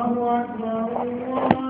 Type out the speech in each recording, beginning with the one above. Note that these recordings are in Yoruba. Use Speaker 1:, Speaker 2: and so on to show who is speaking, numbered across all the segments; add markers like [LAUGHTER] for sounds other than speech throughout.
Speaker 1: الله أكبر الله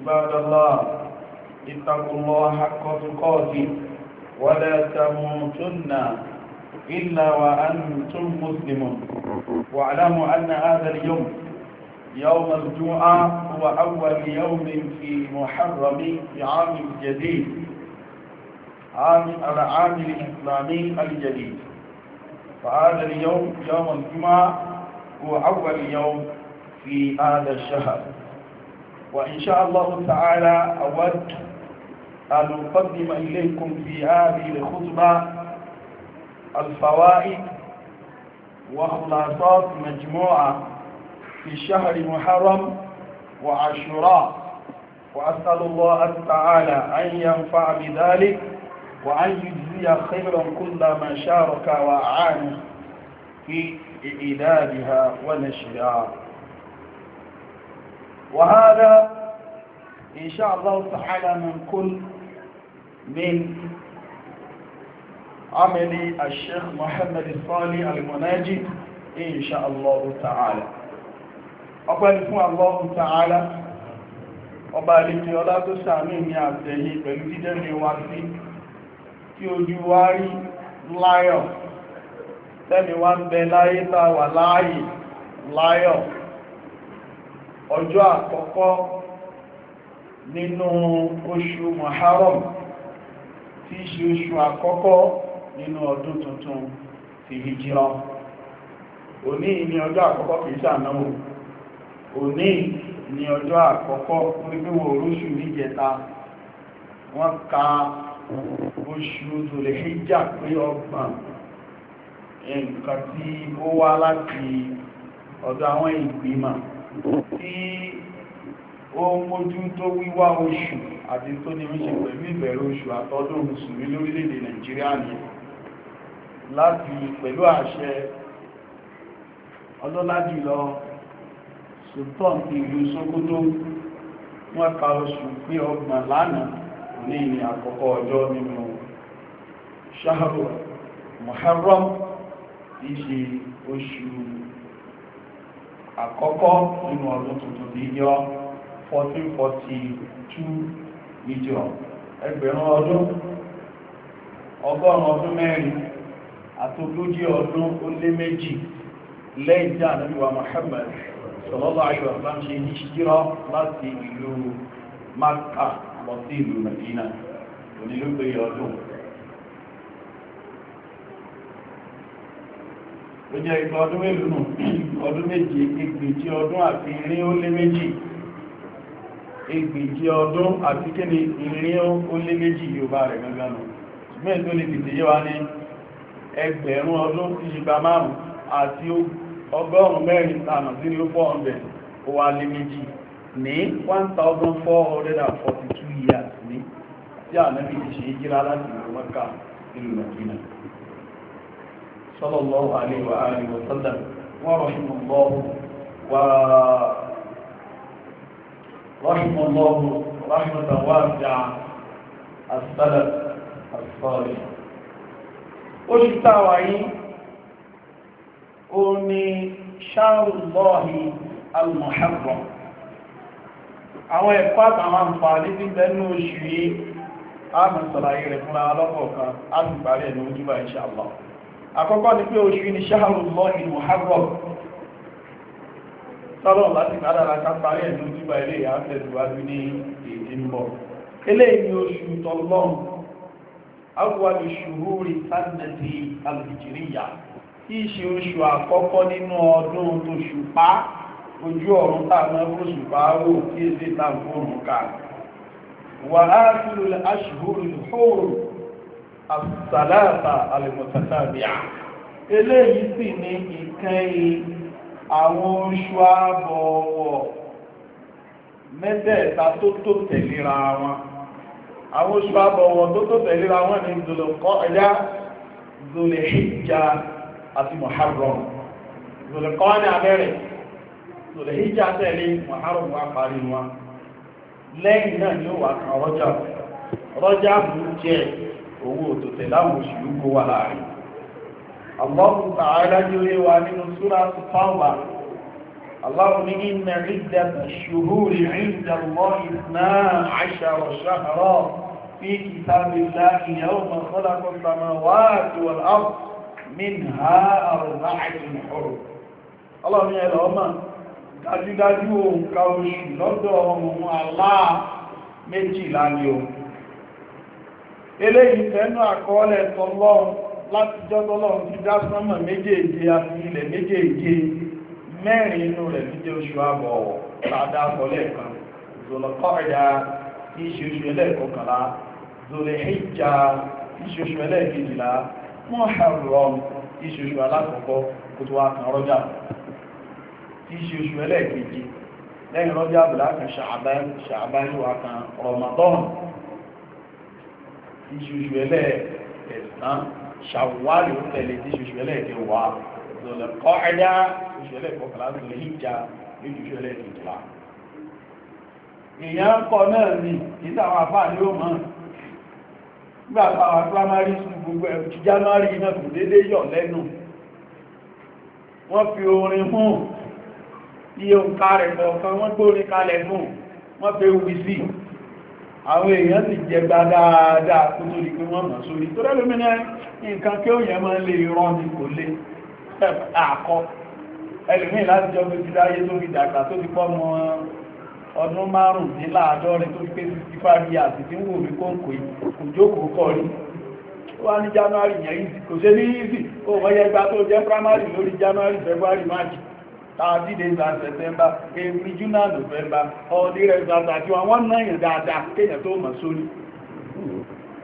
Speaker 1: عباد الله اتقوا الله حق تقاته ولا تموتن إلا وأنتم مسلمون واعلموا أن هذا اليوم يوم الجمعة هو أول يوم في محرم في عام الجديد عام العام الإسلامي الجديد فهذا اليوم يوم الجمعة هو أول يوم في هذا الشهر وإن شاء الله تعالى أود أن أقدم إليكم في هذه الخطبة الفوائد وخلاصات مجموعة في شهر محرم وعشراء وأسأل الله تعالى أن ينفع بذلك وأن يجزي خيرا كل ما شارك وأعانه في إعدادها ونشرها وهذا إن شاء الله تعالى من كل من عمل الشيخ محمد الصالح المناجي إن شاء الله تعالى أقول فún الله تعالى ọba àlejò ọlá tó sàánú ní àtẹ̀yí pẹ̀lú dídẹ́ni wá sí tí ojú wá rí láyọ̀ tẹ́mi wá ń bẹ láyé tàwà láàyè láyọ̀ ọjọ́ àkọ́kọ́ nínú oṣù Muharram tí ṣe oṣù àkọ́kọ́ nínú ọdún tuntun ti hijira òní ni ọjọ́ àkọ́kọ́ kìí sànáwò òní ni ọjọ́ àkọ́kọ́ wípéwò oróṣù níjẹta wọ́n ka oṣù tòlè hijja pé ọgbọ̀n nǹkan tí ó wá láti ọ̀dọ̀ àwọn ìgbìmọ̀ tí ó mójú tó wíwá oṣù àti tó ní pẹ̀lú ìbẹ̀rẹ̀ oṣù àtọ́dún mùsùlùmí lórílẹ̀-èdè nàìjíríà ni láti pẹ̀lú àṣẹ ọlọ́lájùlọ sultan ìlú Sókótó wọ́n ka oṣù pé ọgbọ̀n lánàá ní nínú Muharram oṣù àkọ́kọ́ nínú ọdún tuntun ní yọ 1442 ìjọ ẹgbẹ̀rún ọdún ọgọ́rùn ọdún mẹ́rin àtòlójí ọdún ó lé méjì lẹ́yìn tí Ànábì wa Muhammad sallallahu alaihi wasallam ṣe ní ṣíjírọ́ láti ìlú Mákà lọ sí ìlú Mẹdínà onílùgbé ọdún ó jẹ́ ìpín ọdún mélòó nù [CLEARS THROAT] ọdún méje ẹgbẹ̀jì ọdún àti irin ó lé méjì ẹgbẹ̀jì ọdún àti kíni irin ó lé méjì yorùbá rẹ̀ gangan nù ṣùgbọ́n ètò lè tètè yé wa ní ẹgbẹ̀rún ọdún tí ìgbà márùn àti ọgọ́rùn mẹ́rin tààmà sí ní 400 ó wá lé méjì ní 1442 years ní tí ànábì ti ṣe jíra láti ìlú Mẹ́kà ìlú Nàìjíríà صلى الله عليه وآله وسلم ورحم الله و رحم الله رحمة واسعة السلف الصالح oṣù táwà yìí o ní ṣáàrùlọ́hì al-muharram àwọn ẹ̀kọ́ àtàwọn àǹfààní tí lẹ́nu oṣù yìí a mọ̀ sọ̀rọ̀ ayé rẹ̀ fún ara lọ́pọ̀ kan a ti parí ẹ̀ ní ojúbà insha Allah àkọ́kọ́ ni pé oṣù ni ṣáàrùn-ún-lọ́hì Muharram sọ́lọ̀ láti kádàrà kápárí ẹ̀nù nígbà ilé àtẹ̀síwájú ní èdè ń bọ̀. eléyìí ni oṣù tọ́lọ́n awwalu shuhuri sanati al-hijriya kí ṣe oṣù àkọ́kọ́ nínú ọdún tòṣùpá ojú ọ̀run tààmà fòṣùpá wò kí èdè tààmà fòrùn ká wà á sílùú aṣùhùrù àsàlàbà àlùmọ̀tàtàbíà eléyìí sì ni ìkẹyìn àwọn oṣù ààbọ̀ ọwọ́ mẹ́tẹ̀ẹ̀ta tó tó tẹ̀léra wọn àwọn oṣù ààbọ̀ ọwọ́ tó tó tẹ̀léra wọn ni Dhul-Qa'dah àti Muharram Dhul-Qa'dah abẹ́rẹ̀ dhul tẹ̀lé Muharram wá parí wọn na bu je. owó tòtẹ̀ láwọn òṣèlú kó wà láàrin Allahu ta'ala jẹ́ wa nínú súra tàbà Allahu ní inna iddata shuhuri 'inda Allahi ithna 'ashara shahra fi kitabillahi yawma khalaqa as-samawati wal ọmọ dájúdájú eléyìí fẹ́nu àkọọ́lẹ̀ tọ́lọ́run láti jọ́tọ́lọ́run ti dá sánmà méjèèje àti ilẹ̀ méjèèje mẹ́rin inú rẹ̀ ní jẹ́ oṣù àbọ̀ tàdá àkọọ́lẹ̀ kan zolokọ́ọ̀dá tí ṣe oṣù ẹlẹ́ẹ̀kọkànlá zolehijja tí ṣe oṣù ẹlẹ́ẹ̀kejìlá muharram tí ṣe oṣù alákọ̀ọ́kọ́ kó tó wá kan rọ́jà tí ṣe oṣù ẹlẹ́ẹ̀kejì lẹ́yìn rọ́jà bùlá kan ṣàbáyé wà kan rọmọdọ́nù iṣuṣu ẹlẹ́ẹ̀ẹ̀sán ṣàwárí ó tẹ̀lé tí iṣuṣu ẹlẹ́ẹ̀kẹ́ wà lọ́lẹ̀ kọ́ ẹ̀dá iṣuṣu ẹlẹ́ẹ̀kọ́kànlá lọ́lẹ̀ ìjà ní iṣuṣu ẹlẹ́ẹ̀kejìlá èèyàn kọ náà ní ìtàwọn àfáà ní ó mọ́ nígbà táwọn primary school gbogbo ẹ̀ ti january iná kò dédé yọ̀ lẹ́nu wọ́n fi orin mú iye òǹkà rẹ̀ kọ̀ọ̀kan wọ́n gbórin kalẹ̀ fún wọ́n fẹ́ wí sí i àwọn èèyàn ti jẹ gba dáadáa kó tó di pé wọ́n mọ̀ sórí tó rẹ́lómínà nǹkan kí ó yẹ máa lè rán ní kò lè àkọ́ ẹlùmí láti jọ bí dáyé tó fi dàgbà tó fi pọ́ mọ́ ọdún márùndínláàdọ́rin tó fi pé 65 years tí ń wò mí kó ń kò jókòó kọ́ rí wá ní January yẹn kò ṣe ní easy kó wọ́n yẹ gba tó jẹ́ primary lórí January February March 30 days and September èmi júnà November ọdí rẹ̀ ṣàtàkì wọn wọ́n náà yẹn dáadáa kéèyàn tó mọ̀ sórí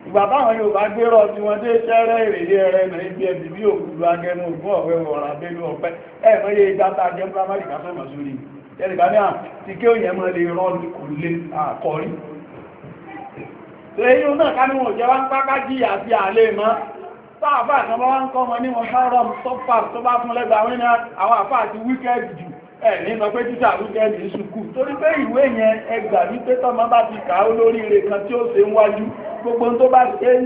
Speaker 1: ìgbà táwọn Yorùbá gbérọ̀ tí wọ́n dé ṣẹ́rẹ́ ìrèlé ẹrẹ náà ibi ẹ̀bì bí òkúlu agẹnu ògùn ọ̀wẹ́ wọ̀ràn abẹ́lú ọ̀pẹ́ ẹ̀mọ́ yẹ dáta jẹ́ primary kásọ̀ mọ̀ sórí ẹ̀rìgbà ní àwọn tí kí òyìn ẹmọ́ lè rọ́ ní kò lè àkọrí. ṣe yíò náà ká ní wọ́n jẹ́ wá ń pápá jíyà sáàfà àtàbá wá ń kọ́ ọmọ ní Muharram sọ́fà tó fún lẹ́gbà wínà àwọn àfà àti wíkẹ́ẹ̀dì jù ẹ̀ nínú pé títà wíkẹ́ẹ̀dì torí pé ìwé yẹn ẹgbà ní pé tọ́mọ ti kà ó lórí ire kan tí ó se ń wájú gbogbo tó bá ṣe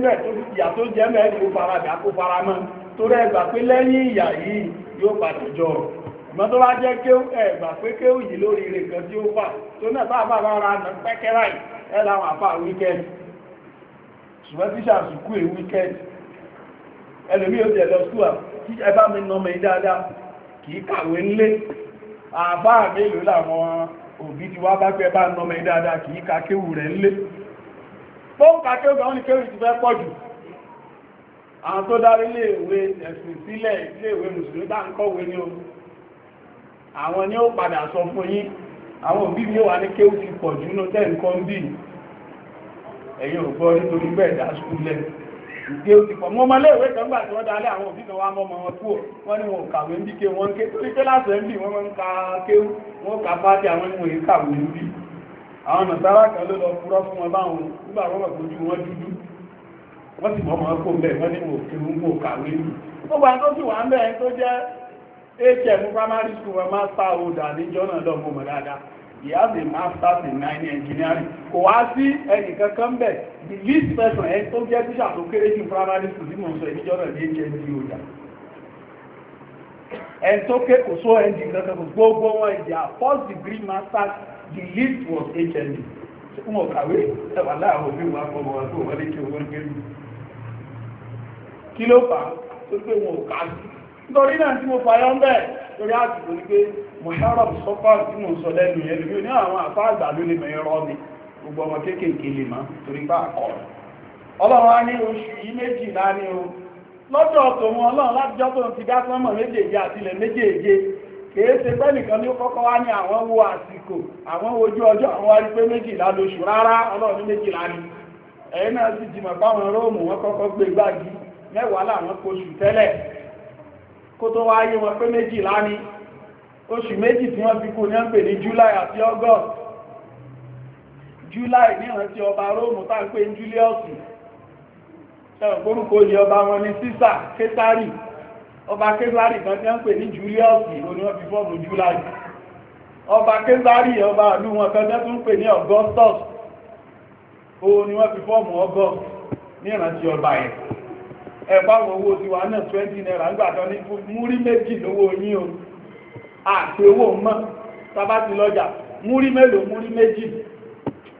Speaker 1: ń ẹlòmí ó jẹ́ lọ súwà tí ẹbá mi nà mẹ́ dáadáa kì í kàwé ńlé àbá mélòó làwọn òbí ti wá bá pẹ́ bá nà mẹ́ dáadáa kì í ka kéwù rẹ̀ ńlé tó ń ka kéwù gan ni kéwù ti fẹ́ pọ̀ jù àwọn tó dárí léèwé ẹ̀sìn sílẹ̀ léèwé mùsùlùmí bá ń kọ́wé ní o àwọn ni ó padà sọ fún yín àwọn òbí mi wà ní kéwù ti pọ̀ jù nínú tẹ́ nǹkan bí ẹ̀yin ò gbọ́ nítorí bẹ́ẹ̀ dá skúlẹ̀ ìgbé òsì pọ̀ mọ́ ọmọléèwé kan gbà tí wọ́n dalẹ̀ àwọn òbí kan wá mọ́ ọmọ wọn kú ò wọ́n ní wọn ò kàwé ní ké wọn ké torí pé láti ẹ̀ ń bì wọ́n máa ń ka kéwú wọ́n kà bá tí àwọn ìwòye kàwé ń bì àwọn nàtàrà kan ló lọ fúrọ́ fún wọn báwọn nígbà wọn kò ju wọn dúdú wọ́n sì mọ́ ọmọ kó ń bẹ̀ wọ́n ní wọn ò kéwú wọn ò kàwé ń bì gbogbo àwọn tó sì wà ń bẹ̀ the least person ẹ eh, tó jẹ́ tíṣà tó kéré jù primary school tí mo sọ ìníjọ́ náà ní hnd ọjà ẹ tó ké kò só ẹ di kankan kò gbogbo wọn ẹ their first degree masters the least was hnd fún ọ̀kàwé ẹ̀wà láàrùn òfin wà fọmọ wà tó wọlé kí owó gbé mi kí ló fà tó pé wọn ò ká sí nítorí náà tí mo fàyọ́ ń bẹ̀ lórí àsìkò ni pé mohamed sọ́kọ́ tí mo sọ lẹ́nu yẹn lórí àwọn àfáàgbà ló lè mẹ́rọ ni gbogbo ọmọ kéékèèké lè mọ́ torí bá àkọ́ ọlọ́run á ní oṣù yìí méjì láàrin o lọ́jọ́ tòun ọlọ́run látijọ́ tó ti dá sánmọ̀ méjèèje àtilẹ̀ méjèèje kìí ṣe pé nìkan ní kọ́kọ́ wá ní àwọn wo àsìkò àwọn ojú ọjọ́ àwọn pé rárá ọlọ́run ni ẹ̀yìn náà sì jìmọ̀ báwọn róòmù wọn kọ́kọ́ gbé gbági mẹ́wàá oṣù tẹ́lẹ̀ kó tó wá wọn pé oṣù méjì tí wọ́n ní wọ́n pè july ní ìrántí ọba róòmù tá ń pè ní julius ẹ̀rọ gbórúkọ yìí ọba wọn ní sísà késárì ọba késárì kan tí wọ́n pè ní julius òní wọ́n fi fọ́ọ̀mù july ọba késárì ọba ìlú wọn kan tí wọ́n pè ní augustus òní wọ́n fi fọ́ọ̀mù august ní ìrántí ọba yẹn ẹ̀bá wọn owó tiwa náà twenty naira nígbà tó ní múrí méjì lówó yín o àti owó mọ́ tá bá ti lọ́jà múrí mélòó múrí méjì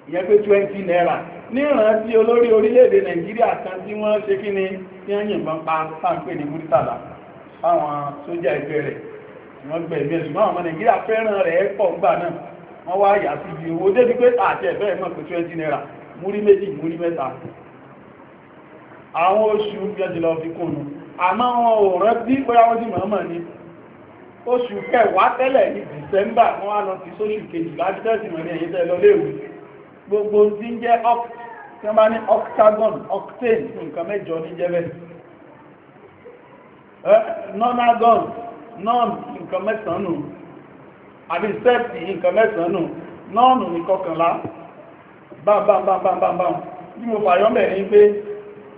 Speaker 1: ìyẹn pé 20 naira ní ìrántí olórí orílẹ̀-èdè nàìjíríà kan tí wọ́n ṣe kí ni tí wọ́n yìnbọn pa sáńpé ní múrítàlá fáwọn sójà ẹgbẹ́ rẹ̀ wọ́n gbẹ̀mí ẹ̀sùn àwọn ọmọ nàìjíríà fẹ́ràn rẹ̀ pọ̀ gbà náà wọ́n wá yà sí ibi owó débi pé àti ẹ̀fẹ́ mọ̀ pé twenty naira múrí méjì múrí mẹ́ta àwọn oṣù gbẹ́jìlọ fi kùnù àmọ́ wọn ò rántí pé àwọn tí mọ̀ọ́mọ̀ ni oṣù kẹwàá tẹ́lẹ̀ ní December wọ́n á lọ sí sóṣù kejì láti tẹ́sì mọ̀ ní ẹ̀yẹ́tẹ́ lọ léwu gbogbo tí ń jẹ́ oct tí wọ́n bá ní octagon octane nǹkan mẹ́jọ ní jẹ́ bẹ́ẹ̀ nonagon non nǹkan mẹ́sàn-án nù àbí sept nǹkan mẹ́sàn-án nù nọ́ọ̀nù ní kọkànlá bámbámbámbámbám bí mo fàyọ́ mẹ́rin pé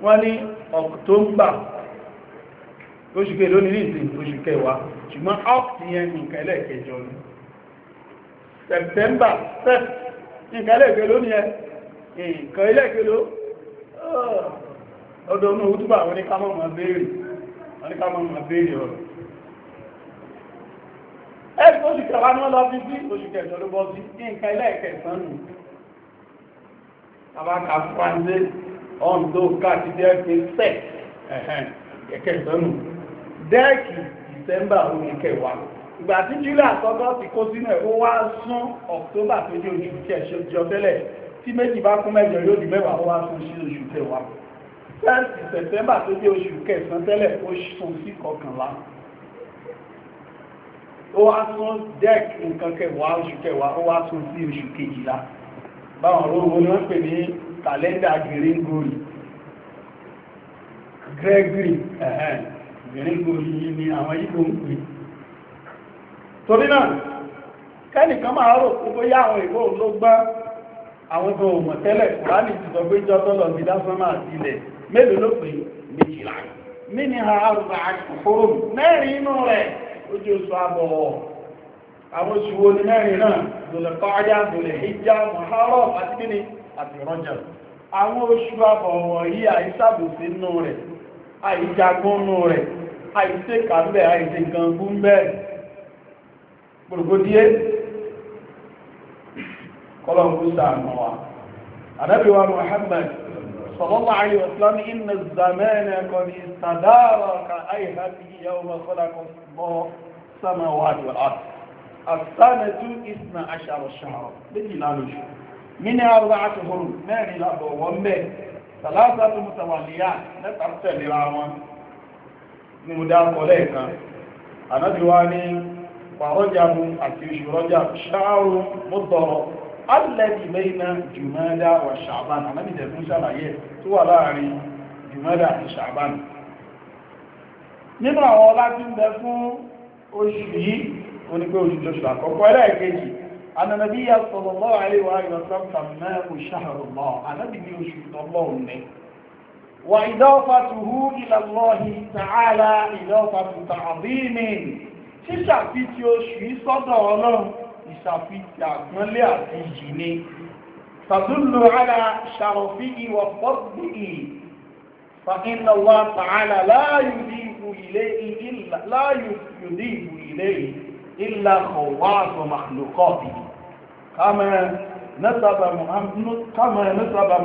Speaker 1: wọ́n ní october oṣù kẹ lónìí ní ìsìn oṣù kẹwàá ṣùgbọ́n oct yẹn nǹkan ẹlẹ́ẹ̀kẹjọ ni september 7 nǹkan ilé-èkèló ní ẹ nǹkan ilé-èkèló ọdọ̀ ọmọ òtúbà wọn ní ká mọ́ ma béèrè ọ̀rọ̀ ẹ̀rì tó ṣùkẹ̀ wá ní wọ́n lọ bí sí oṣùkẹ̀ ìṣọ́lú bọ́ sí nǹkan ilé-ẹ̀kẹ̀ẹ́sán nù àbáka fúránṣẹ́ ọ̀n tó káàkiri dẹ́ẹ̀kì sẹ́ẹ̀ ẹ̀kẹ̀ẹ́sán nù dẹ́ẹ̀kì December oníkẹwàá ìgbà tí july àtọ́gọ́ ti kó sínú ẹ̀ ó wá sún october tó jẹ́ oṣù tí ẹ̀ṣọ́ jọ tẹ́lẹ̀ tí méjì bá kún mẹ́jọ yóò di mẹ́wàá ó wá sún sí oṣù kẹwàá first september tó jẹ́ oṣù kẹsàn-án tẹ́lẹ̀ ó sún sí kọkànlá ó wá sún dec nǹkan kẹwàá oṣù kẹwàá ó wá sún sí oṣù kejìlá báwọn olóòwò ni wọ́n pè ní kàlẹ́ndà gírígórì gregory gírígórì ni àwọn yìí ló ń torí náà kẹ́nìkan máa rò pé bóyá àwọn ìbò ló gbá àwọn ìbò òmọ̀ tẹ́lẹ̀ kùránì ti pé jọ tọ́lọ̀ sí dásánmà ilẹ̀ mélòó ló pè méjìlá mí ha arùbà àkùkòrò mẹ́rin inú rẹ̀ ojú oṣù àbọ̀ àwọn oṣù wo ni mẹ́rin náà dòlẹ̀ pàájá dòlẹ̀ gbogbogbòdíé kọlọ̀kúsà àmọ́wà anábíwá Muhammad sallallahu alayhi wa sallam inna zamana qad istadara ka hay'atihi yawma khalaqa Allahu samawati wal ard as-sanatu isna ashara shahra bejìlá lóṣù mini arba'atu hurum mẹ́rin lábọ̀ wọ́n mẹ́ salasatu mutawalliya mẹ́ta tẹ̀lera wọn ni mo dá kọ lẹ́ẹ̀kan anábíwá ní wàrọ́jàmù àti oṣù rọ́jà ṣáàrù mọ́tọ̀rọ̀ alẹ́bì lẹ́yìnà jùmọ́dá wà ṣàbán alábìdẹ̀ fún ṣàlàyé tó wà láàrin jùmọ́dá àti ṣàbán nínú àwọn ọlá tí ń bẹ fún oṣù yìí ó ní pé oṣù lóṣù àkọ́kọ́ ẹlẹ́ẹ̀kejì anàbí yà sọ̀rọ̀lọ́ àríwá ìrọ̀sán وإضافته إلى الله تعالى إضافة تعظيم ṣíṣàfi ti oṣù sọ́dọ̀ ọlọ́run ìṣàfihàn àpọ́nlé àti ìjì ni tàdúlù ara ṣàròfí ìwọ̀ pọ́sí ì fàínà wa tààlà láàyùdí ìbù ilé ìlà ọ̀wọ́ àtọ̀ màlúkọ́bì كما نسب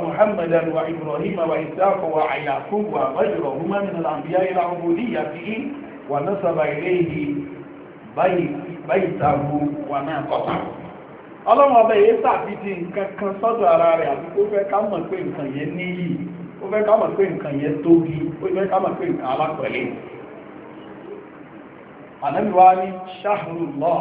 Speaker 1: محمدا وإبراهيم وإساق وعياقوب وغيرهما من الأنبياء العبودية ونسب إليه báyìí tàbí wà náà kọta ọlọ́run ọba èyí sàfíjì nǹkan kan sọ́dọ̀ ara rẹ̀ àti ó fẹ́ ká mọ̀ pé nǹkan yẹn níyì ó fẹ́ ká mọ̀ pé nǹkan yẹn tóbi ó fẹ́ ká mọ̀ pé nǹkan alápẹ̀lẹ́ ànábìwá ní lọ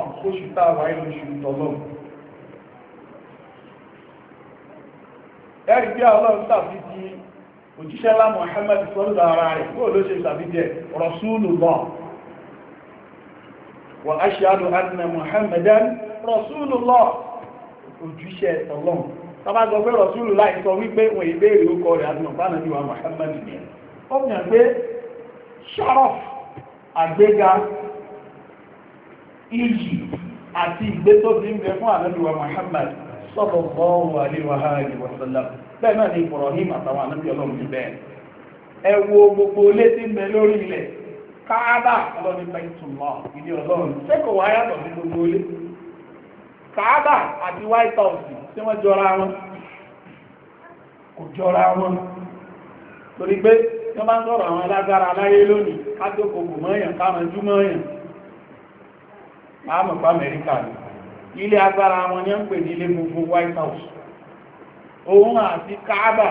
Speaker 1: oṣù وأشهد أن محمدا رسول الله ojúṣẹ́ ọlọ́run tàbá sọ pé rọ̀súlù láì sọ wípé òun ìbéèrè ó kọ rẹ̀ àdínàbánà ní wa Muhammad ní ó fi hàn pé sharaf àgbéga iyì àti ìgbésóbi ń bẹ fún ànábíwa Muhammad sallallahu alaihi wa alihi wa sallam bẹ́ẹ̀ káàbà ọlọ́ni pẹ̀tùmọ̀ ìdí ọlọ́run sẹ́kọ̀ọ́ wá yàtọ̀ sí gbogbo ilé káàbà àti white house tí wọ́n jọra wọn kò jọra wọn torí pé wọ́n bá ń sọ̀rọ̀ àwọn alágbára aláyé lónìí kájókòkò mọ́yàn káàmọ́jú mọ́yàn láàmùpá amẹ́ríkà ni ilé agbára wọn ni ó ń pè ní ilé gbogbo white house òun àti káàbà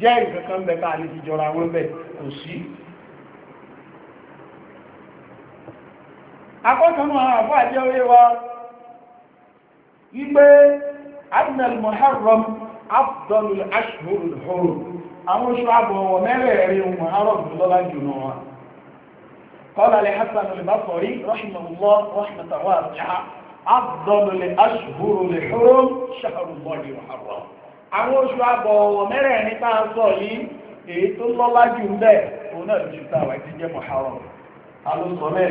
Speaker 1: jẹ́ ìkankan bẹ̀ta àlejò jọra wọn bẹ̀ kò sí akọ́kànú àwọn àfọ́ àjẹ́ orí wa wípé adnal muharram afdalul ashhurul hurum àwọn oṣù àbọ̀wọ̀ mẹ́rẹ̀ẹ̀rin muharram lọ́lá jùlọ wa قال لحسن البصري رحمه الله رحمة واسعة أفضل الأشهر الحرم شهر الله محرم àwọn oṣù àbọ̀wọ̀ mẹ́rẹ̀ẹ̀rin tá a sọ yìí èyí tó lọ́lá jù ń bẹ́ẹ̀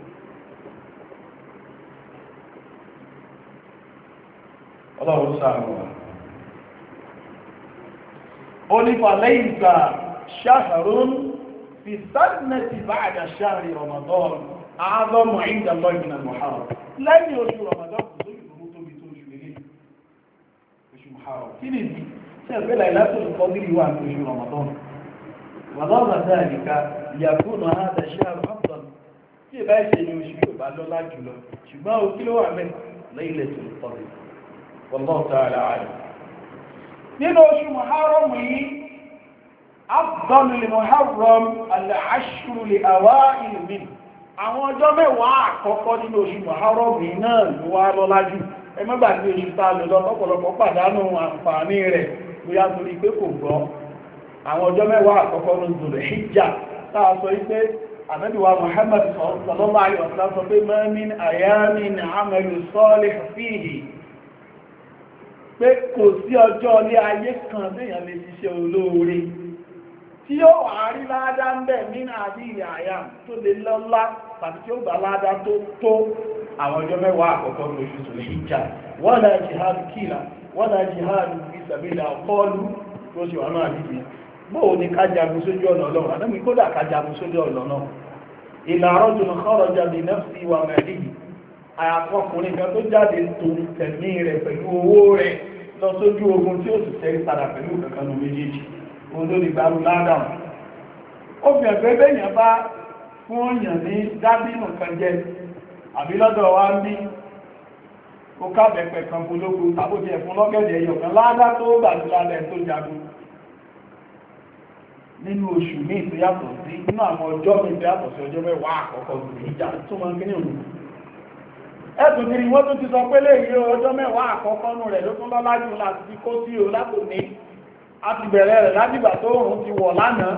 Speaker 1: ọlọ́run sáàrùn wọn ó nípa lẹ́yìn ìgbà ṣáàrùn fi sáàrùnẹ́tì bá àdá ṣáàrì Ramadan àádọ́mọ̀ ìdá lọ́gbìnà Muharram lẹ́yìn oṣù Ramadan kò tó ìgbòmó tóbi tó oṣù lélẹ̀ oṣù Muharram kí ni ìdí tí ẹgbẹ́ láìláṣọ ìkọ́dírì wà ní oṣù Ramadan Ramadan dáadìka ìyàgbóná àdá ṣáàrùn Ramadan yóò bá lọ́lá jùlọ ṣùgbọ́n o kí ló wà mẹ́ wallahu ta'ala alim nínú oṣù muharram yìí afdalul muharram al-ashru li awa'il min àwọn ọjọ́ mẹ́wàá àkọ́kọ́ nínú oṣù muharram yìí náà ló wá lọ́lá jù ẹ mọ́gbà tí oṣù ta lè lọ lọ́pọ̀lọpọ̀ pàdánù àǹfààní rẹ̀ bóyá torí pé kò gbọ́ àwọn ọjọ́ mẹ́wàá àkọ́kọ́ ní zùlẹ̀ hijja táà pé kò sí ọjọ́ ilé ayé kan léèyàn lè ṣiṣẹ́ olóore tí yóò wà á rí ládá ń bẹ̀ nínú àbí ilẹ̀ àyà tó lè lọ́lá tàbí tí ó gbà ládá tó tó àwọn ọjọ́ mẹ́wàá àkọ́kọ́ lóṣù tó lè jà wọ́n náà jihad kìlà wọ́n náà jihad ìsàbílà ọ̀pọ̀lù tó ṣe wà náà níbi bóò ní ká jagun sójú ọ̀nà ọlọ́run àdámi kódà ká jagun sójú ọ̀nà náà ìlàrọ̀ tó ń kọ́rọ̀ jáde nafsi wa mẹ́rin àyàfọ́kùnrin kan tó jáde tó tẹ̀mí rẹ̀ pẹ̀lú owó rẹ̀ lọ sójú ogun tí ó sì tẹ́rí padà pẹ̀lú kankan ló méjèèjì òun ló lè gbárù ládàmù ó fi ẹ̀fẹ́ bẹ́yàn bá fún òyàn ní kan jẹ àbí lọ́dọ̀ wa ń bí ó kábẹ̀pẹ̀ kan ẹ̀fún ládá tó lálẹ́ tó jagun nínú oṣù sí àwọn ọjọ́ mi sí ọjọ́ mẹ́wàá àkọ́kọ́ ìjà tó ẹ̀sùn kiri wọ́n tún ti sọ pé léyìí ọjọ́ mẹ́wàá àkọ́kọ́ rẹ̀ ló tún lọ́lá jù láti fi kó sí o látòní a ti bẹ̀rẹ̀ rẹ̀ látìgbà tó òòrùn ti wọ̀ lánàá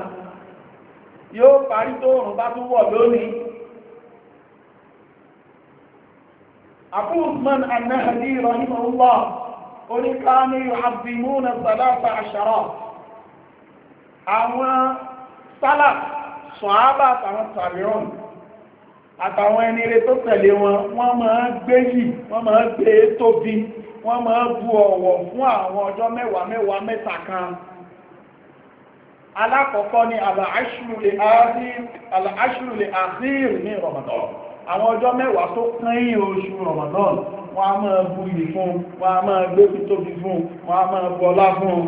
Speaker 1: yóò parí tó òòrùn bá tún wọ̀ lónìí sálà àtàwọn àtàwọn ẹni rẹ̀ tó tẹ̀lé wọn wọ́n máa gbé yìí wọ́n máa gbé tóbi wọ́n máa bu ọ̀wọ̀ fún àwọn ọjọ́ mẹ́wàá mẹ́wàá mẹ́ta kan alákọ̀ọ́kọ́ ni aláṣùlẹ̀ àṣírí ní Ramadan àwọn ọjọ́ mẹ́wàá tó kẹ́yìn oṣù Ramadan wọ́n a máa bu yìí fún wọ́n a máa gbé tóbi fún wọ́n a máa bu ọlá fún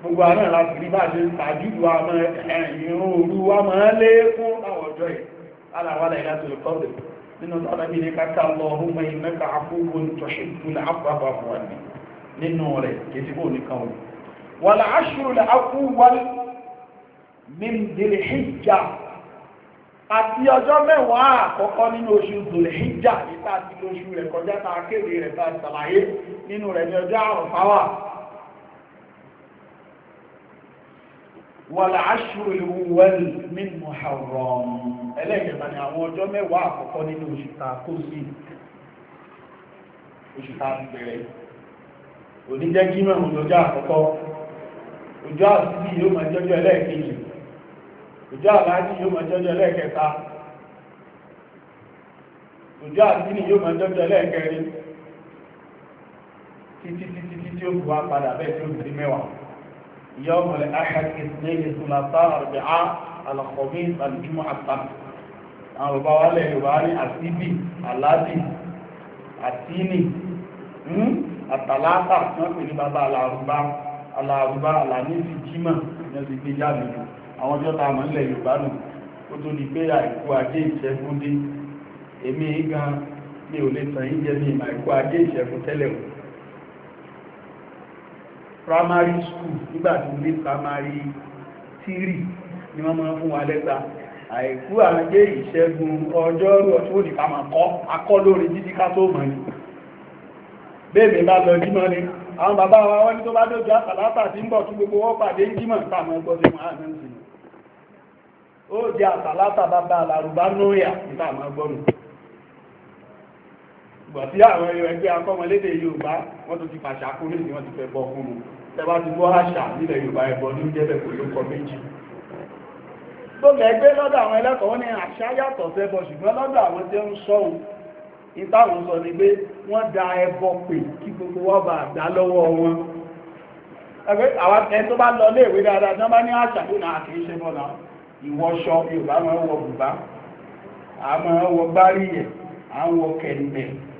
Speaker 1: gbogbo àárín láti rí bá ṣe tàjúdù àmọ́ ẹ̀yìn òru wọ́n máa lé fún àwọn ọjọ́ yìí aláwàlá ìlàtòlù kọ́ọ̀dù nínú tọ́lábí ní káká lọ ọ̀húnmọ́ ìmẹ́ka àfúgbòn tọ́ṣìkú láàpapọ̀ wà ní nínú rẹ̀ kìtìkò nìkan wọn wọ́n la aṣírò lè akúwọ́l mímdìlìhíjà àti ọjọ́ mẹ́wàá àkọ́kọ́ nínú oṣù dìlìhíjà nípa àti oṣù rẹ̀ kọjá ta kéde rẹ̀ ta ìsàlàyé nínú rẹ̀ ní ọjọ́ àrùn fáwà wàlàáṣù ìwọ̀lì min Muharram ẹlẹ́gbẹ̀rẹ̀ ni àwọn ọjọ́ mẹ́wàá àkọ́kọ́ nínú oṣù ta kó sí oṣù ta bẹ̀rẹ̀ oníjẹ́ kí mẹ́rin ọjọ́ àkọ́kọ́ ọjọ́ àti yóò máa jọjọ́ ẹlẹ́ẹ̀kejì ọjọ́ àlájì yóò máa jọjọ́ ẹlẹ́ẹ̀kẹta ọjọ́ àti ní yóò máa jọjọ́ ẹlẹ́ẹ̀kẹrin títí títí tí bu wá padà bẹ́ẹ̀ tí يوم الأحد اثنين ثلاثاء أربعاء الخميس الجمعة السبت àwọn bàbá wa lẹ́yìn wá ní àsíbì aláàbì àtíní àtàlátà wọ́n pè ní bàbá alárùbá alárùbá alàníṣì jímà ní ọdún gbé jáde àwọn ọjọ́ ta mọ̀ nílẹ̀ Yorùbá nù ó tó di pé àìkú ajé ìṣẹ́gun dé èmi gan mi ò lè tàn yín jẹ mi ìmọ̀ àìkú ajé ìṣẹ́gun tẹ́lẹ̀ wò primary school nígbàtí ní primary three ni wọ́n máa fún wa lẹ́gbàá àìkú àjẹ́ ìṣẹ́gun ọjọ́rú ọ̀tún òdì ká máa kọ́ akọ́ lórí ká tó mọ̀ ní bẹ́ẹ̀mẹ̀ bá lọ jímọ̀ ni àwọn bàbá wa wọ́n ní tó bá dójú àtàlátà tí ń bọ̀ tún gbogbo wọ́n jímọ̀ sí wọn àmì gbàtí àwọn ẹgbẹ́ akọ́mọlédè Yorùbá wọ́n tó ti fàṣà kó lè ní wọ́n ti fẹ́ bọ́ fún un tẹba ti gbọ́ àṣà nílẹ̀ Yorùbá ẹbọ ní jẹ́bẹ̀ kò ló kọ méjì tó gẹ̀ẹ́gbẹ́ lọ́dọ̀ àwọn ẹlẹ́kọ̀ọ́ ní àṣà yàtọ̀ sẹ́bọ ṣùgbọ́n lọ́dọ̀ àwọn tí ó ń sọ́hun ìtàwọn sọ ni pé wọ́n da ẹbọ pè kí gbogbo wọ́n dá lọ́wọ́ wọn ẹgbẹ́ tó bá lọ léèwé dáadáa tán bá ní àṣà tó náà kì í ṣe bọ́ náà ìwọṣọ Yorùbá máa ń wọ bùbá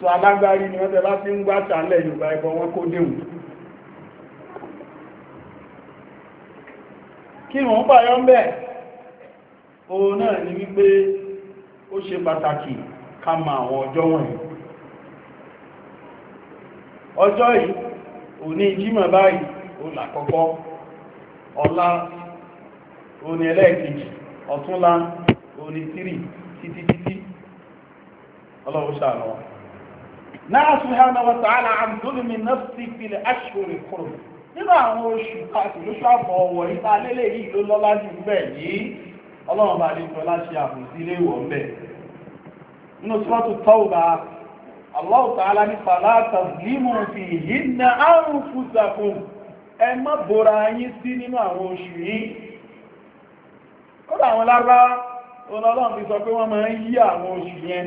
Speaker 1: so alágbárí ni wọ́n tẹ bá fi ń gbá sàálẹ̀ yorùbá ẹgbọ́ wọn kó déhùn kí wọ́n pàyọ́ ń bẹ̀ o náà ni wípé ó ṣe pàtàkì ká ma àwọn ọjọ́ wọ̀nyí ọjọ́ yìí òní jímọ̀ báyìí ó làkọ́kọ́ ọ̀la ẹlẹ́ẹ̀kejì tírì títí títí ọlọ́run náà subhanahu wa ta'ala àmdúlù mi náà sì filẹ̀ aṣọ́rẹ̀ kúrò nínú àwọn oṣù káàkì lóṣù àbọ̀ ọ̀wọ̀ ìta lélẹ̀ yìí ló lọ́lá jù bẹ́ẹ̀ yìí ọlọ́run bá lè tọ́lá ṣe àbòsí ilé ìwọ̀ mbẹ́ nínú sọ́tù tọ́wùbá Allah ta'ala ní fàlá tàbílímù fi hinna anfusakum ẹ má bora yín sí nínú àwọn oṣù yìí ó àwọn lára ọlọ́run fi sọ pé wọ́n máa ń yí àwọn oṣù yẹn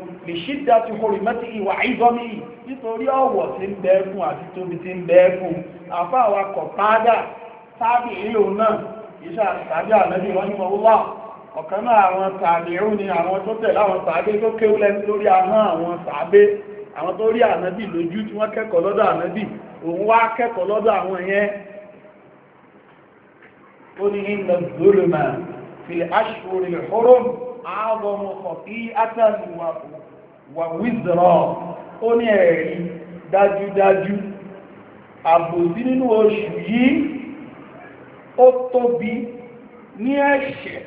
Speaker 1: lè ṣídá ti horí mẹ́tí ìwà ìzọ́mí nítorí ọ̀wọ̀ tí ń bẹ fún àti tóbi tí ń bẹ fún àfá àwa kọ̀tádà ìlú náà iṣẹ́ àtàbí àmẹ́bí rọ́nìmọ̀wọ́wà ọ̀kan náà àwọn tàbí ìrún ni àwọn tó tẹ̀lé àwọn tàbí tó kéwú lẹ́nu àwọn tàbí àwọn tó rí ànábì wà wíìzọ̀rọ̀ ó ní ẹ̀rí dájúdájú àbòsí nínú oṣù yìí ó tóbi ní ẹ̀ṣẹ̀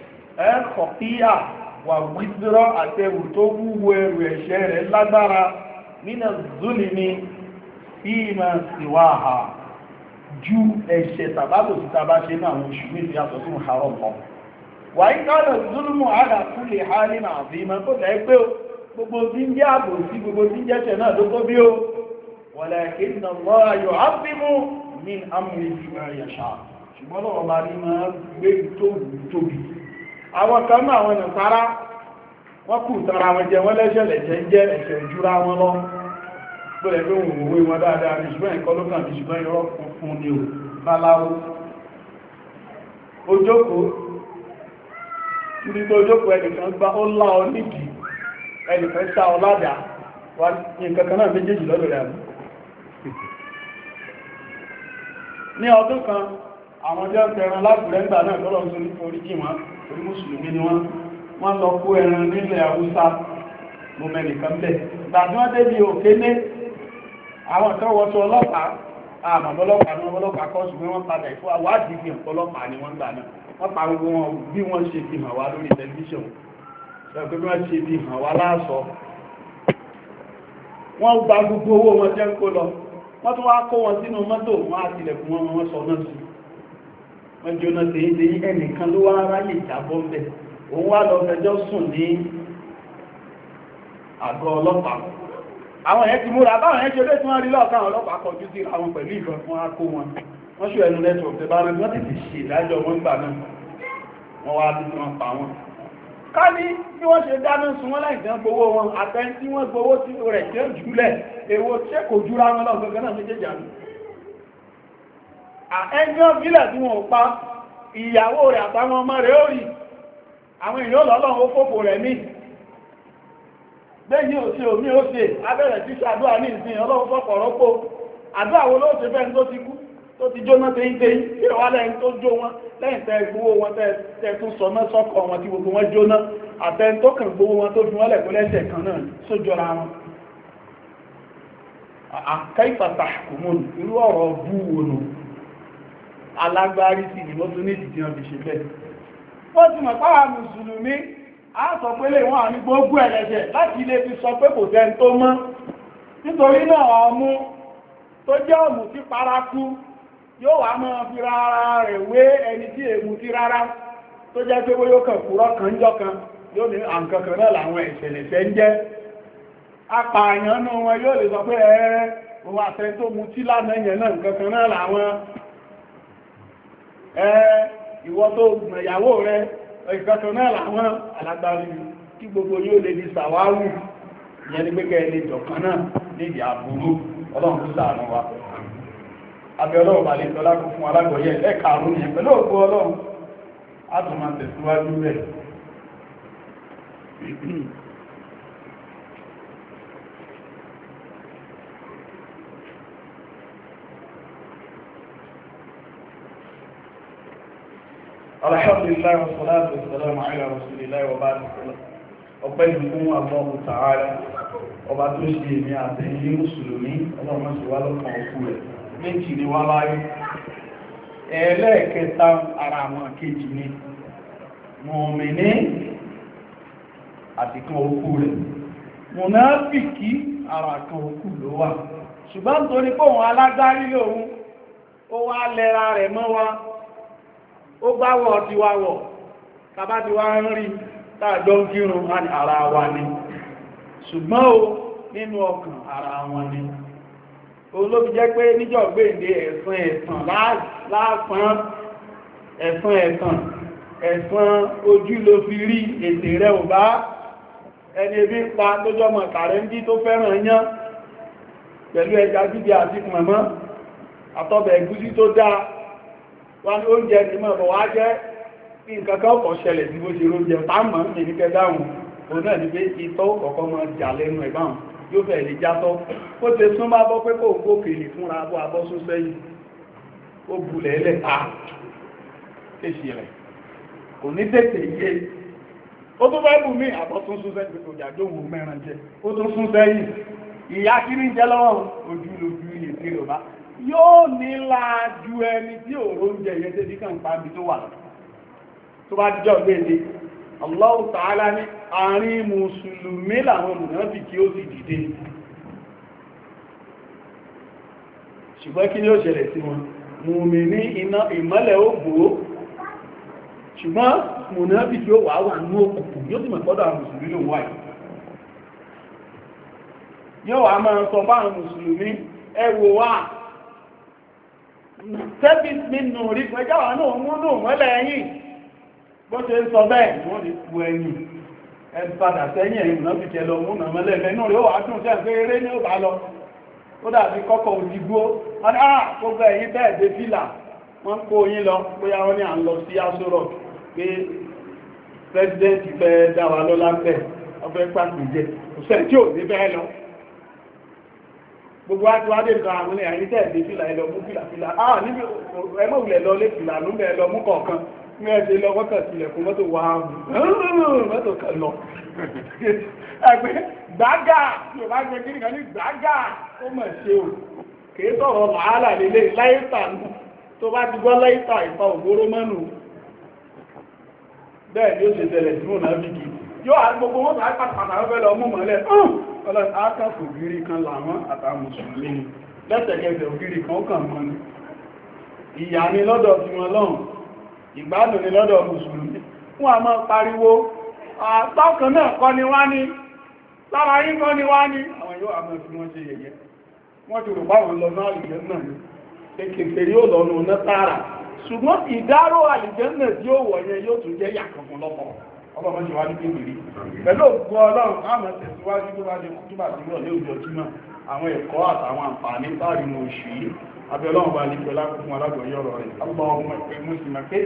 Speaker 1: ẹ̀kọ̀kíyà wà wíìzọ̀rọ̀ àtẹ̀wò tó wúwo ẹrù ẹ̀ṣẹ̀ rẹ̀ lágbára nínú zúlì ni fíìmà síwáhà ju ẹ̀ṣẹ̀ tàbátòsí tàbá ṣe náà àwọn oṣù gbogbo tí ń jẹ́ àbò sí gbogbo tí ń jẹ́ṣẹ̀ náà ló kó bí ó walakinna Allaha yu'azzimu min amrihi ma yasha ṣùgbọ́n lọ́wọ́ bá ní máa gbé tóbi tóbi àwọn kan náà àwọn nàtàrà wọ́n kù tara wọn jẹ wọ́n ní ṣùgbọ́n ojókòó nítorí ojókòó ẹnìkan gbá ó lá ọ ẹnìkan sá ọládà wà ní kankan náà méjèèjì lọ́dọ̀ rẹ̀ mú ní ọdún kan àwọn jẹ́ ẹran lágbùrẹ́gbà náà lọ́lọ́ sí orí jì wọ́n orí mùsùlùmí ni wọ́n wọ́n lọ kó ẹran nílẹ̀ Haúsá mo mẹ́nìkan bẹ̀ gbàtí wọ́n débi òkè ní àwọn ìtọ́wọ́sọ ọlọ́pàá àmàbọ́lọ́pàá ní ọlọ́pàá kọ́ ṣùgbọ́n wọ́n padà ìfọ́ àwádìí fi ọ̀pọ̀lọpàá ni wọ́n gbà náà wọ́n pa gbogbo wọn bí wọ́n ṣe fi hàn wá lórí tẹlifíṣọ̀n ẹgbẹ́ bí wọ́n ṣe hàn wá láàsọ wọ́n gba gbogbo owó wọn jẹ́ ń kó lọ wọ́n tún wá kó wọn sínú mọ́tò wọn á tilẹ̀kùn wọn wọ́n sọ náà sí wọ́n jóná tèyí ẹnìkan ló wá ráyè jábọ́ ń bẹ̀ òun wá lọ fẹjọ́ sùn ní àgọ́ ọlọ́pàá àwọn ti ṣe ẹnu bá rẹ̀ wọ́n wọn ká ní bí wọ́n ṣe dáná sun wọ́n láì dán gbowó wọn àtẹ́ tí wọ́n gbowó tí rẹ̀ jẹ́ jùlẹ̀ èwo ṣé kò júra wọn lọ́gbọ̀n gan náà méjèèjì àmì ẹjọ́ bílẹ̀ tí wọ́n pa ìyàwó rẹ̀ àtàwọn ọmọ rẹ̀ ó rí àwọn èèyàn lọ́lọ́run ó fòfò rẹ̀ ní gbẹ́yìn òsì omi ó ṣe abẹ́rẹ̀ tí ṣàdúrà ní ìsìn ọlọ́run fọ́pọ̀ rọ́pò àdúrà wo ló ṣe fẹ́ tó ti kú tó ti jóná tẹ́ ń tẹ́ kí wá lẹ́yìn tó jó wọn lẹ́yìn tẹ́ gbówó wọn tẹ́ tún sọ náà sọ́kọ̀ wọn tí gbogbo wọn jóná àtẹ́ni tó kàn gbówó wọn tó fi wọ́n lẹ̀kọ́ lẹ́sẹ̀ kan náà sójọra wọn àkáìfàtà kòmọ́nù irú ọ̀rọ̀ bú wọnù alágbárí sí ni wọ́n tún ní ìdí ọ̀bì ṣe bẹ́ẹ̀ wọ́n ti mọ̀ páwà mùsùlùmí a sọ pé lè wọ́n àmì gbogbo ẹ̀lẹ́jẹ̀ láti ilé fi sọ pé kò tẹ́ tó mọ́ nítorí náà ọmú tó jẹ́ ọ̀mù tí paraku yóò wá mọ́ fi rárá rẹ̀ wé ẹni tí èmù ti rárá tó jẹ́ yóò kàn kan jọ kan yóò ní àǹkankan náà làwọn ìṣẹ̀lẹ̀ṣẹ̀ ń jẹ́ apààyàn wọn yóò lè sọ pé ẹ̀ẹ́ òun àfẹ́ tó tí ẹ ìyẹn ni pé kẹ́ ẹ jọ̀kan náà àbúrú ọlọ́run tó sàánú abẹ́ ọlọ́run bàlẹ̀ tọ́lá kún fún alágbọ̀yẹ ẹ̀ka àrùn yẹn pẹ̀lú ògbó ọlọ́run a tẹ̀síwájú rẹ̀ alhamdulillah wa salatu wa salamu ọba tó ṣe mùsùlùmí ọlọ́run wá méjì ni wá láyé ẹlẹ́ẹ̀kẹta ara àwọn kejì ni mọ̀mìnì àti kan okú rẹ̀ mùnáfìkì ara kan okú ló wà ṣùgbọ́n torí pòun alágbárí lòun ó wá lẹ́ra rẹ̀ mọ́ wa ó gbáwọ̀ ti wá wọ̀ tàbá ti wá ń rí tààjọ́ kírun ara wa ni ṣùgbọ́n o nínú ọkàn ara wọn ni olóbi jẹ́ pé níjọ́ gbèǹde ẹ̀san ẹ̀san lásán ẹ̀san ẹ̀san ẹ̀san ojú ló fi rí ètè rẹ̀ ò bá ẹni ebi ń pa lójọ́ mọ̀ kàrẹ́ndí tó fẹ́ràn yán pẹ̀lú ẹja bíbí àti mọ̀mọ́ àtọ́bẹ̀ ẹ̀gúsí tó dáa wọ́n ní oúnjẹ ní mọ̀ bọ̀ wá jẹ́ kí nǹkan kan ọ̀pọ̀ ṣẹlẹ̀ sí bó ṣe oúnjẹ táàmù ní kẹdáhùn òun náà ní pé ìtọ́ ọ̀kọ̀ọ̀kan mọ̀ jà lẹ́nu ẹ̀báhùn yóò fẹ̀ lè játọ́ ó ti sún bá bọ́ pé kò gòkè ní fúnra abọ́ abọ́ sún sẹ́yìn ó bulẹ̀ ẹlẹ́ pa kéṣì rẹ̀ kò ní tètè yé ó tó bẹ́ẹ̀ lù mí àbọ̀ tún sún sẹ́yìn kò jà dóhùn mẹ́rin jẹ ó tún sún sẹ́yìn ìyá kí ní jẹ́ lọ́wọ́ ojú lójú ilé tí rò bá yóò nílá ju ẹni tí òróúnjẹ yẹn tẹ́bí kàn pa mi tó wà lọ tó bá jọ gbé Allah ta'ala ní àárín mùsùlùmí làwọn mùnáfì kí ó ti dìde ṣùgbọ́n kí ni ó ṣẹlẹ̀ sí wọn mùmí ní iná ìmọ́lẹ̀ ó ṣùgbọ́n mùnáfì kí ó wà wà ní òkùnkùn yóò sì mọ̀ mùsùlùmí rí náà mú mọ́lẹ̀ yìí bó ṣe ń sọ bẹ́ẹ̀ wọ́n ti kú ẹ̀yìn ẹ padà sẹ́yìn ẹ̀yìn náà fi kẹlọ mú nà mọ́lẹ́fẹ́ inú rẹ̀ ó wà dùn sẹ́yìn pé eré ní ó bá lọ ó dàbí kọ́kọ́ òdìgbó wọ́n ní àà ah, gbogbo ẹ̀yìn bẹ́ẹ̀ dé fìlà wọ́n kó yín lọ bóyá wọ́n ní à ń lọ sí asọ́rọ̀ pé president fẹ́ dá wa lọ́lá bẹ́ẹ̀ ọgbẹ́ pàtàkì òṣèlú tí ò ní bẹ́ẹ̀ lọ gbogbo àti wá dé nǹkan àwọn ẹ̀yìn tẹ́ẹ̀ dé fìlà ẹ̀lọ mú fìlà fìlà ah níbi ẹmọ́ ìlẹ̀ lọ lé fìlà lóúnbẹ̀ ẹ̀lọ mú kọ̀ọ̀kan mẹ́ẹ̀dẹ́ lọ wọ́tà sílẹ̀ fún mọ́tò wà áhùn mọ́tò kan lọ ẹgbẹ́ [LAUGHS] gbága yóò bá gbé kíníkan ní gbága ó mọ̀ ṣe o kìí sọ̀rọ̀ làálà lélẹ̀ láìta nù tó bá ti gbọ́ láìta ìfà ògbóró mọ́nù bẹ́ẹ̀ yóò ṣe tẹ̀lẹ̀ sí mọ̀nà bíkì yóò á gbogbo wọn bá pàtàkì àwọn fẹ́lẹ̀ ọmú mọ́lẹ̀ ọlọ́ta ákàfò gírí kan làwọn àtàwọn mùsùlùmí lẹ́sẹ̀kẹsẹ̀ ògírí kan ó kàn mọ́ ni ìyá ni lọ́dọ̀ tí wọn lọ́hùn ìgbádùn ni lọ́dọ̀ mùsùlùmí wọ́n a máa pariwo àtọ́kàn náà kọ́ ni wá ní lára yí kọ́ ni wá ní àwọn yóò àmọ́ fi wọ́n ṣe yẹ̀yẹ́ wọ́n ti rò báwọn lọ náà ìjẹ́ náà ní kékeré yóò lọ nù ní tààrà ṣùgbọ́n ìdárò àlìjẹ́ náà tí ó wọ̀ yẹn yóò tún jẹ́ yàkọ̀kọ̀ lọ́pọ̀ ọlọ́mọ àwọn ẹ̀kọ́ àtàwọn àǹfààní láàrin oṣù yìí abẹ́lọ́wọ̀n bá ní pẹ̀lá fún alágbọ̀nyọ́rọ̀ rẹ̀